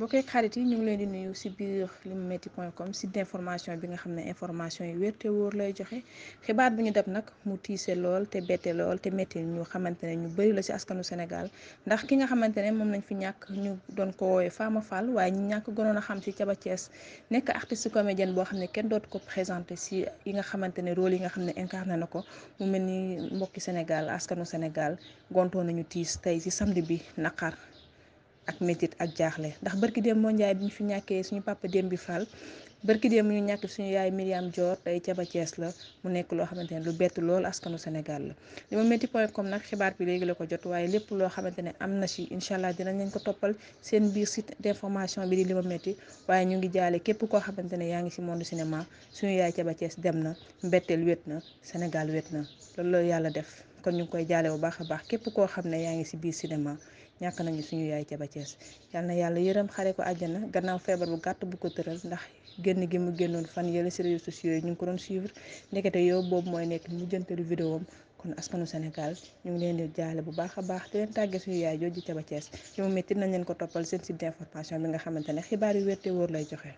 mbokk yi xarit yi ñu ngi leen di nuyu si biir limametti point com site d'information bi nga xam ne information yi wér te wóor lay joxe xibaar bu ñu dab nag mu tiise lool te bette lool te metti ñu xamante ne ñu bëri la ci askanu Sénégal ndax ki nga xamante ne moom lañ fi ñàkk ñu doon ko woowee Fama Fall waaye ñu ñàkk gënoon a xam si Thiaba Thiès nekk artiste comédienne boo xam ne kenn dootu ko présenté si yi nga xamante ne rôle yi nga xam ne incarné na ko mu mel ni mbokki Sénégal askanu Sénégal gontoo nañu tiis tey si samedi bi naqar ak métit ak jaaxle ndax barki dem moo njaay bi ñu fi ñàkkee suñu papa dem bi Fall barki dem ñu ñàkk suñu yaay Miriam joor tey ca ba la mu nekk loo xamante ne lu bett lool askanu Sénégal la limametti point com nag xibaar bi léegi ko jot waaye loo xamante ne am na ci incha allah dinañ leen ko toppal seen biir site d'information bi di limametti waaye ñu ngi jaale képp koo xamante ne yaa ngi ci monde cinéma suñu yaay ca ba Thiès dem na mbetteel wét na Sénégal wet na loolu la yàlla def kon ñu ngi koy jaale bu baax a baax képp koo xam ne yaa ngi ci biir cinéma ñàkk nañu suñu yaay Thiaba Thiès yàlla yërëm xare ko àjjana gannaaw feebar bu gàtt bu ko tëral ndax génn gi mu génnoon fan yële si réseaux sociaux yi ñu ngi ko doon suivre ndekete yow boobu mooy nekk mujjanteelu vidéo am kon askanu Sénégal ñu ngi leen di jaale bu baax a baax te leen tàggee suñu yaay jooju Thiaba Thiès li mu métti nañ leen ko toppal seen site d'information bi nga xamante ne xibaar yu wér te wóor lay joxe.